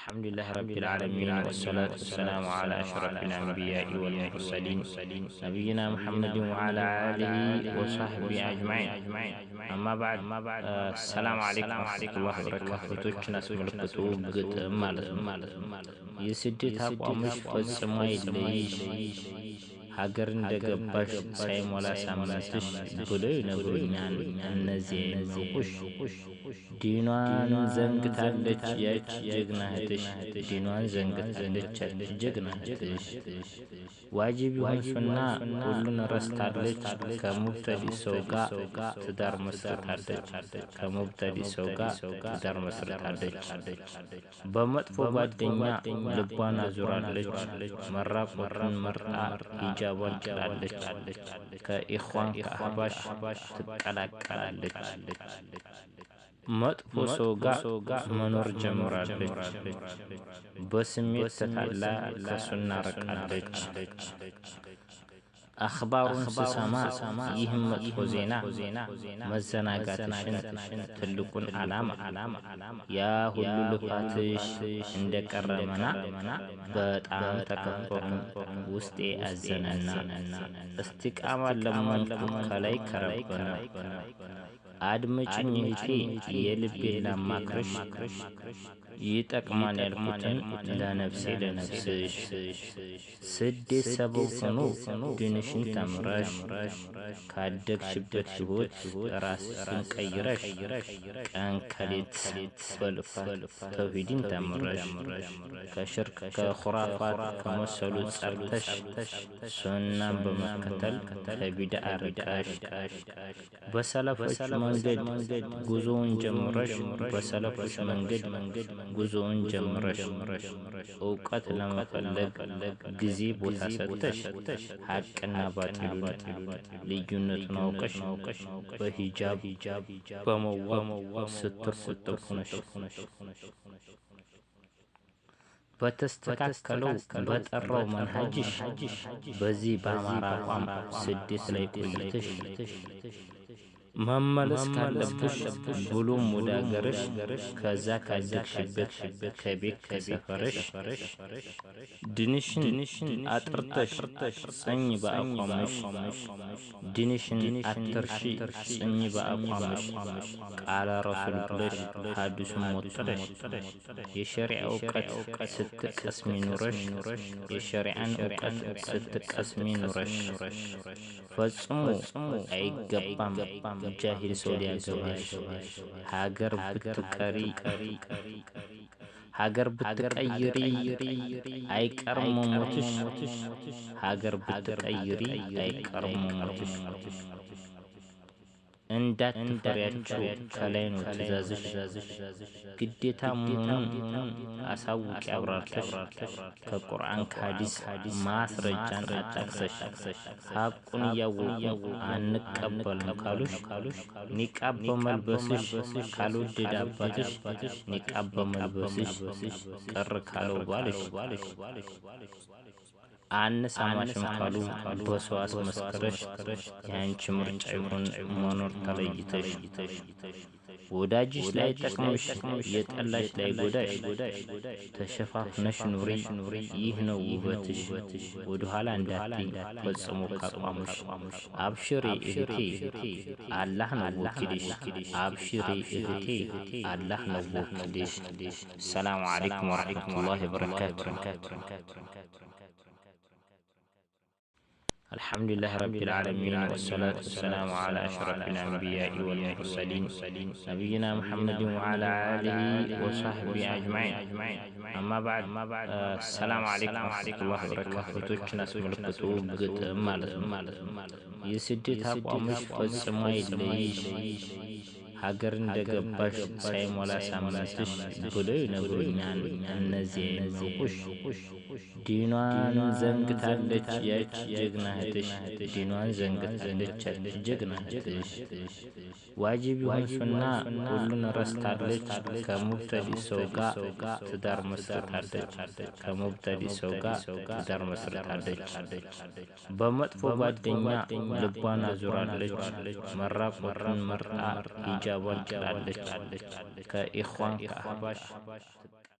الحمد لله رب العالمين والصلاة والسلام على أشرف الأنبياء والمرسلين نبينا محمد وعلى آله وصحبه أجمعين أما بعد آه، السلام عليكم ورحمة الله وبركاته نسم الكتب قد مالت يسدي تقوى مش ليش ሀገር እንደገባሽ ሳይሞላ ሳምንትሽ ብለው ይነግሩኛል። እነዚህ አይመቁሽ ዲኗን ዘንግታለች ያች ጀግና እህትሽ፣ ዲኗን ዘንግታለች ያች ጀግና እህትሽ። ዋጅብ ይሁን ሱና ሁሉን ረስታለች። ከሙብተዲ ሰው ጋር ትዳር መስርታለች። ከሙብተዲ ሰው ጋር ትዳር መስርታለች። በመጥፎ ጓደኛ ልቧን አዙራለች። መራቆትን መርጣ ሂጃቧን ከኢኽዋን ከአህባሽ ትቀላቀላለች። መጥፎ ሰው ጋር መኖር ጀምራለች። በስሜት ተታላ ከሱና አኽባሩን ስሰማ ይህም መጥፎ ዜና መዘናጋትሽን ትልቁን ዓላማ ያ ሁሉ ልፋትሽ እንደቀረመና በጣም ተከፍቶን ውስጤ አዘነና እስቲቃማን ለመንኩ ከላይ ከረበነ አድምጭኝ እህቴ የልቤን አማክርሽ ይጠቅማን ያልኩትን ለነፍሴ ለነፍስሽ ስደት ሰበው ሆኖ ድንሽን ተምረሽ ካደግሽበት ሕይወት ራስሽን ቀይረሽ ቀን ከሌት በልፋት ተውሂድን ተምረሽ ከሽርክ ከኹራፋት ከመሰሉ ጸርተሽ ሱናን በመከተል ከቢዳ አርቃሽ በሰለፎች መንገድ ጉዞውን ጀምረሽ በሰለፎች መንገድ መንገድ መንገድ ጉዞውን ጀምረሽ እውቀት ለመፈለግ ጊዜ ቦታ ሰጥተሽ ሀቅና ባጢሉ ልዩነቱን አውቀሽ በሂጃብ በመዋብ ስትር ስትር በተስተካከለው በጠራው መንሃጅሽ በዚህ በአማራ ቋም ስድስት ላይ ቆይተሽ መመለስ ካለብሽ ብሎም ወደ አገርሽ፣ ከዛ ካደግሽበት ከቤት ከሰፈርሽ ድንሽን አጥርተሽ ጽኝ በአቋምሽ፣ ድንሽን አትርሺ ጽኝ በአቋምሽ ቃለ ረሱል ብለሽ ሐዲሱን ወጥረሽ የሸሪዓ እውቀት ስትቀስሚ ኑረሽ የሸሪዓን እውቀት ስትቀስሚ ኑረሽ ፈጽሞ አይገባም። ጃሂል ሶሪያ ገባሽ ሀገር ብትቀሪ ሀገር ብትቀይሪ አይቀርም ሞትሽ ሀገር ብትቀይሪ አይቀርም ሞትሽ እንዳትፈሪያቸው ከላይ ነው ትእዛዝሽ፣ ግዴታ መሆኑን አሳውቂ አብራርተሽ ከቁርአን ከሀዲስ ማስረጃን አጣቅሰሽ ሀቁን እያወቁ አንቀበልም ካሉሽ ኒቃብ በመልበስሽ ካልወደድ አባትሽ ኒቃብ በመልበስሽ ቅር ካለው ባልሽ አነሳማሽም ቃሉ በሰዋት መስክረሽ የአንቺ ምርጫ ይሁን መኖር ተለይተሽ ወዳጅሽ ላይ ጠቅምሽ የጠላሽ ላይ ጎዳሽ ተሸፋፍነሽ ኑሪ። ይህ ነው ውበትሽ። ወደኋላ እንዳትይ ፈጽሞ ካቋምሽ። አብሽሬ እህቴ አላህ ነው ወኪልሽ። አብሽሬ እህቴ አላህ ነው ወኪልሽ። ሰላም አለይኩም ወረሕመቱላሂ ወበረካቱ። الحمد لله رب العالمين والصلاة والسلام على أشرف الأنبياء والمرسلين نبينا محمد وعلى آله وصحبه أجمعين أما بعد آه، السلام عليكم ورحمة الله وبركاته تشنس ملكتو بغت مالت يسدي تاقوى مش فسمي ليش ሀገር እንደገባሽ ሳይሞላ ሳምንትሽ ብሎ ይነግሩኛል። እነዚህ አይናቁሽ ዲኗን ዘንግታለች ያች ጀግና እህትሽ፣ ዲኗን ዘንግታለች ያች ጀግና እህትሽ። ዋጅብ ይሁን ሱና ሁሉን ረስታለች። ከሙብተዲ ሰው ጋር ትዳር መስርታለች። ከሙብተዲ ሰው ጋር ትዳር መስርታለች። በመጥፎ ጓደኛ ልቧን አዙራለች። መራቆትን መርጣ ሂጃ جاول جاول جاول كإخوان كأحباش